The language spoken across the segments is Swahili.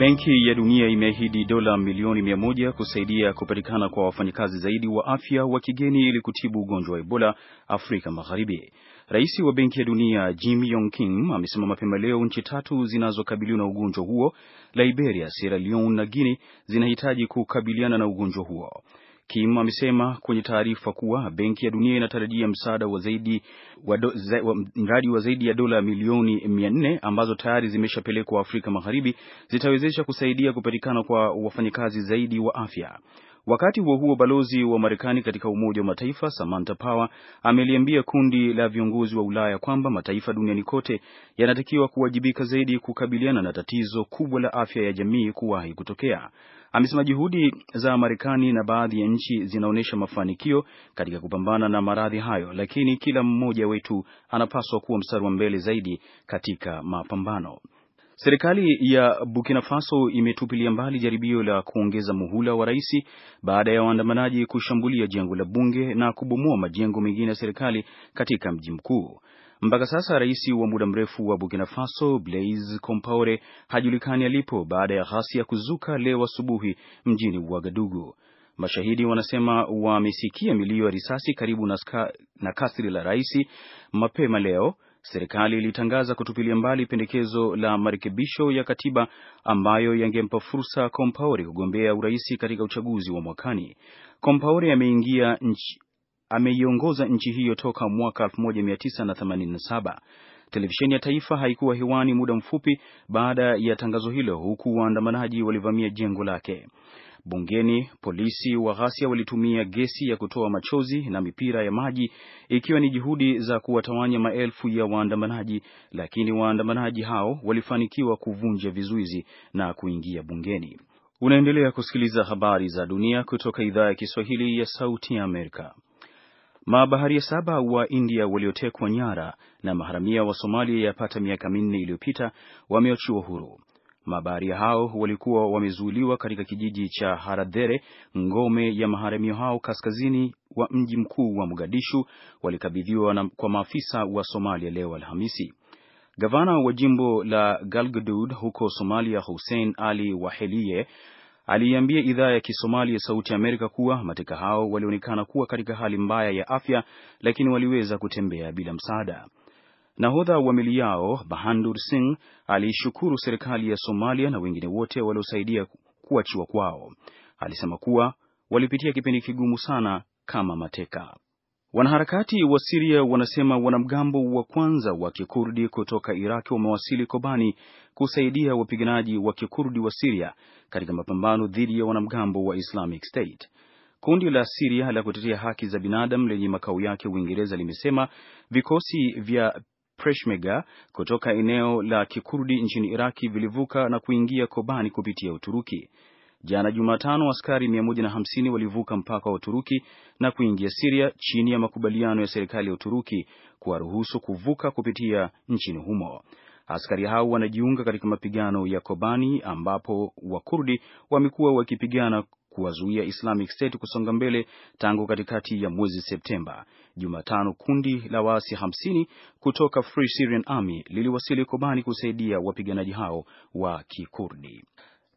Benki ya Dunia imeahidi dola milioni mia moja kusaidia kupatikana kwa wafanyakazi zaidi wa afya wa kigeni ili kutibu ugonjwa wa Ebola Afrika Magharibi. Rais wa Benki ya Dunia Jim Yong Kim amesema mapema leo nchi tatu zinazokabiliwa na ugonjwa huo, Liberia, Sierra Leone na Guinea, zinahitaji kukabiliana na ugonjwa huo. Kim amesema kwenye taarifa kuwa Benki ya Dunia inatarajia msaada wa zaidi wa do, za, wa, mradi wa zaidi ya dola milioni 400 ambazo tayari zimeshapelekwa Afrika Magharibi zitawezesha kusaidia kupatikana kwa wafanyakazi zaidi wa afya. Wakati huo huo, balozi wa Marekani katika Umoja wa Mataifa Samantha Power ameliambia kundi la viongozi wa Ulaya kwamba mataifa duniani kote yanatakiwa kuwajibika zaidi kukabiliana na tatizo kubwa la afya ya jamii kuwahi kutokea. Amesema juhudi za Marekani na baadhi ya nchi zinaonyesha mafanikio katika kupambana na maradhi hayo, lakini kila mmoja wetu anapaswa kuwa mstari wa mbele zaidi katika mapambano. Serikali ya Burkina Faso imetupilia mbali jaribio la kuongeza muhula wa rais baada ya waandamanaji kushambulia jengo la bunge na kubomoa majengo mengine ya serikali katika mji mkuu. Mpaka sasa rais wa muda mrefu wa Burkina Faso Blaise Compaore hajulikani alipo baada ya ghasia kuzuka leo asubuhi mjini Ouagadougou. Mashahidi wanasema wamesikia milio ya risasi karibu na, na kasri la rais mapema leo serikali ilitangaza kutupilia mbali pendekezo la marekebisho ya katiba ambayo yangempa fursa Compaore kugombea urais katika uchaguzi wa mwakani. Compaore ameingia nchi ameiongoza nchi hiyo toka mwaka 1987. Televisheni ya taifa haikuwa hewani muda mfupi baada ya tangazo hilo, huku waandamanaji walivamia jengo lake. Bungeni polisi wa ghasia walitumia gesi ya kutoa machozi na mipira ya maji ikiwa ni juhudi za kuwatawanya maelfu ya waandamanaji, lakini waandamanaji hao walifanikiwa kuvunja vizuizi na kuingia bungeni. Unaendelea kusikiliza habari za dunia kutoka idhaa ya Kiswahili ya Sauti ya Amerika. Mabaharia saba wa India waliotekwa nyara na maharamia wa Somalia yapata miaka minne iliyopita wameachiwa huru. Mabaharia hao walikuwa wamezuiliwa katika kijiji cha Haradhere, ngome ya maharamio hao kaskazini wa mji mkuu wa Mogadishu. Walikabidhiwa kwa maafisa wa Somalia leo Alhamisi. Gavana wa jimbo la Galgaduud huko Somalia, Hussein Ali Waheliye aliiambia idhaa ya Kisomali ya Sauti Amerika kuwa mateka hao walionekana kuwa katika hali mbaya ya afya, lakini waliweza kutembea bila msaada. Nahodha wa meli yao Bahandur Singh aliishukuru serikali ya Somalia na wengine wote waliosaidia kuachiwa kwao. Alisema kuwa walipitia kipindi kigumu sana kama mateka. Wanaharakati wa Siria wanasema wanamgambo wa kwanza wa kikurdi kutoka iraq wamewasili Kobani kusaidia wapiganaji wa kikurdi wa Siria katika mapambano dhidi ya wanamgambo wa Islamic State. Kundi la Siria la kutetea haki za binadamu lenye makao yake Uingereza limesema vikosi vya Peshmerga kutoka eneo la Kikurdi nchini Iraki vilivuka na kuingia Kobani kupitia Uturuki. Jana Jumatano, askari 150 walivuka mpaka wa Uturuki na kuingia Siria chini ya makubaliano ya serikali ya Uturuki kuwaruhusu kuvuka kupitia nchini humo. Askari hao wanajiunga katika mapigano ya Kobani ambapo Wakurdi wamekuwa wakipigana kuwazuia Islamic State kusonga mbele tangu katikati ya mwezi Septemba. Jumatano kundi la waasi hamsini kutoka Free Syrian Army liliwasili Kobani kusaidia wapiganaji hao wa Kikurdi.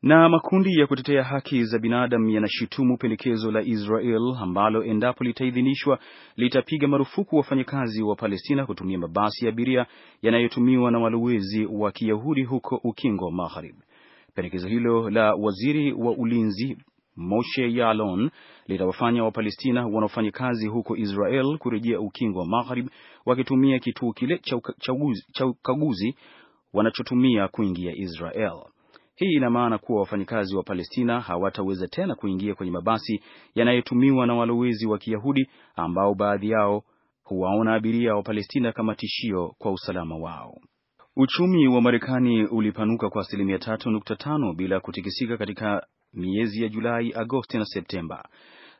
Na makundi ya kutetea haki za binadamu yanashutumu pendekezo la Israel ambalo endapo litaidhinishwa litapiga marufuku wafanyakazi wa Palestina kutumia mabasi ya abiria yanayotumiwa na walowezi wa Kiyahudi huko Ukingo wa Magharibi. Pendekezo hilo la waziri wa ulinzi Moshe yalon litawafanya Wapalestina wanaofanya kazi huko Israel kurejea ukingo wa Magharib wakitumia kituo kile cha ukaguzi wanachotumia kuingia Israel. Hii ina maana kuwa wafanyakazi wa Palestina hawataweza tena kuingia kwenye mabasi yanayotumiwa na walowezi wa Kiyahudi ambao baadhi yao huwaona abiria wa Palestina kama tishio kwa usalama wao. Uchumi wa Marekani ulipanuka kwa asilimia 3.5 bila kutikisika katika miezi ya Julai, Agosti na Septemba.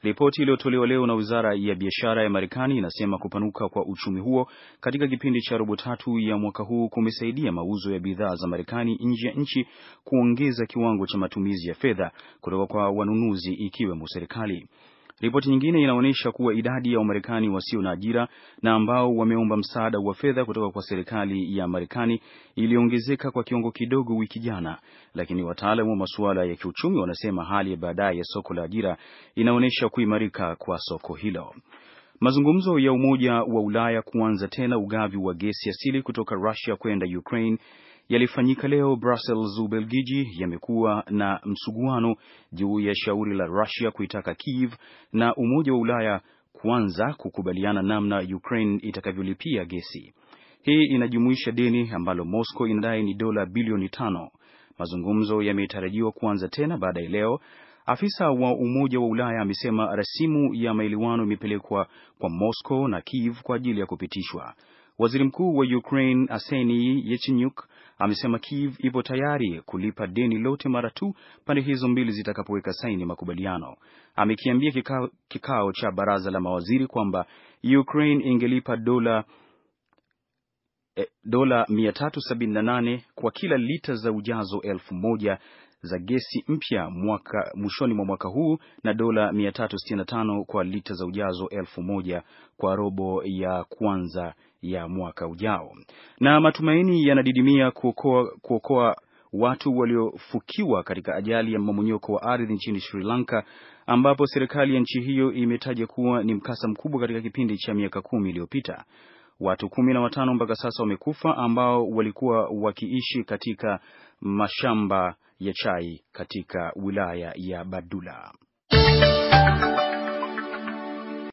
Ripoti iliyotolewa leo na wizara ya biashara ya Marekani inasema kupanuka kwa uchumi huo katika kipindi cha robo tatu ya mwaka huu kumesaidia mauzo ya bidhaa za Marekani nje ya nchi kuongeza kiwango cha matumizi ya fedha kutoka kwa wanunuzi ikiwemo serikali. Ripoti nyingine inaonyesha kuwa idadi ya Wamarekani wasio na ajira na ambao wameomba msaada wa fedha kutoka kwa serikali ya Marekani iliongezeka kwa kiwango kidogo wiki jana, lakini wataalamu wa masuala ya kiuchumi wanasema hali ya baadaye ya soko la ajira inaonyesha kuimarika kwa soko hilo. Mazungumzo ya Umoja wa Ulaya kuanza tena ugavi wa gesi asili kutoka Russia kwenda Ukraine yalifanyika leo Brussels, Ubelgiji, yamekuwa na msuguano juu ya shauri la Russia kuitaka Kiev na Umoja wa Ulaya kuanza kukubaliana namna Ukraine itakavyolipia gesi. Hii inajumuisha deni ambalo Moscow inadai ni dola bilioni tano. Mazungumzo yametarajiwa kuanza tena ya leo. Afisa wa Umoja wa Ulaya amesema rasimu ya maelewano imepelekwa kwa Moscow na Kiev kwa ajili ya kupitishwa. Waziri Mkuu wa Ukraine Arseniy Yatsenyuk amesema Kiev ipo tayari kulipa deni lote mara tu pande hizo mbili zitakapoweka saini makubaliano. Amekiambia kikao, kikao cha baraza la mawaziri kwamba Ukraine ingelipa dola eh, dola 378 kwa kila lita za ujazo elfu moja za gesi mpya mwaka, mwishoni mwa mwaka huu na dola 365 kwa lita za ujazo 1000 kwa robo ya kwanza ya mwaka ujao. Na matumaini yanadidimia kuokoa, kuokoa watu waliofukiwa katika ajali ya mmomonyoko wa ardhi nchini Sri Lanka ambapo serikali ya nchi hiyo imetaja kuwa ni mkasa mkubwa katika kipindi cha miaka kumi iliyopita. Watu kumi na watano mpaka sasa wamekufa ambao walikuwa wakiishi katika mashamba ya chai katika wilaya ya Badula.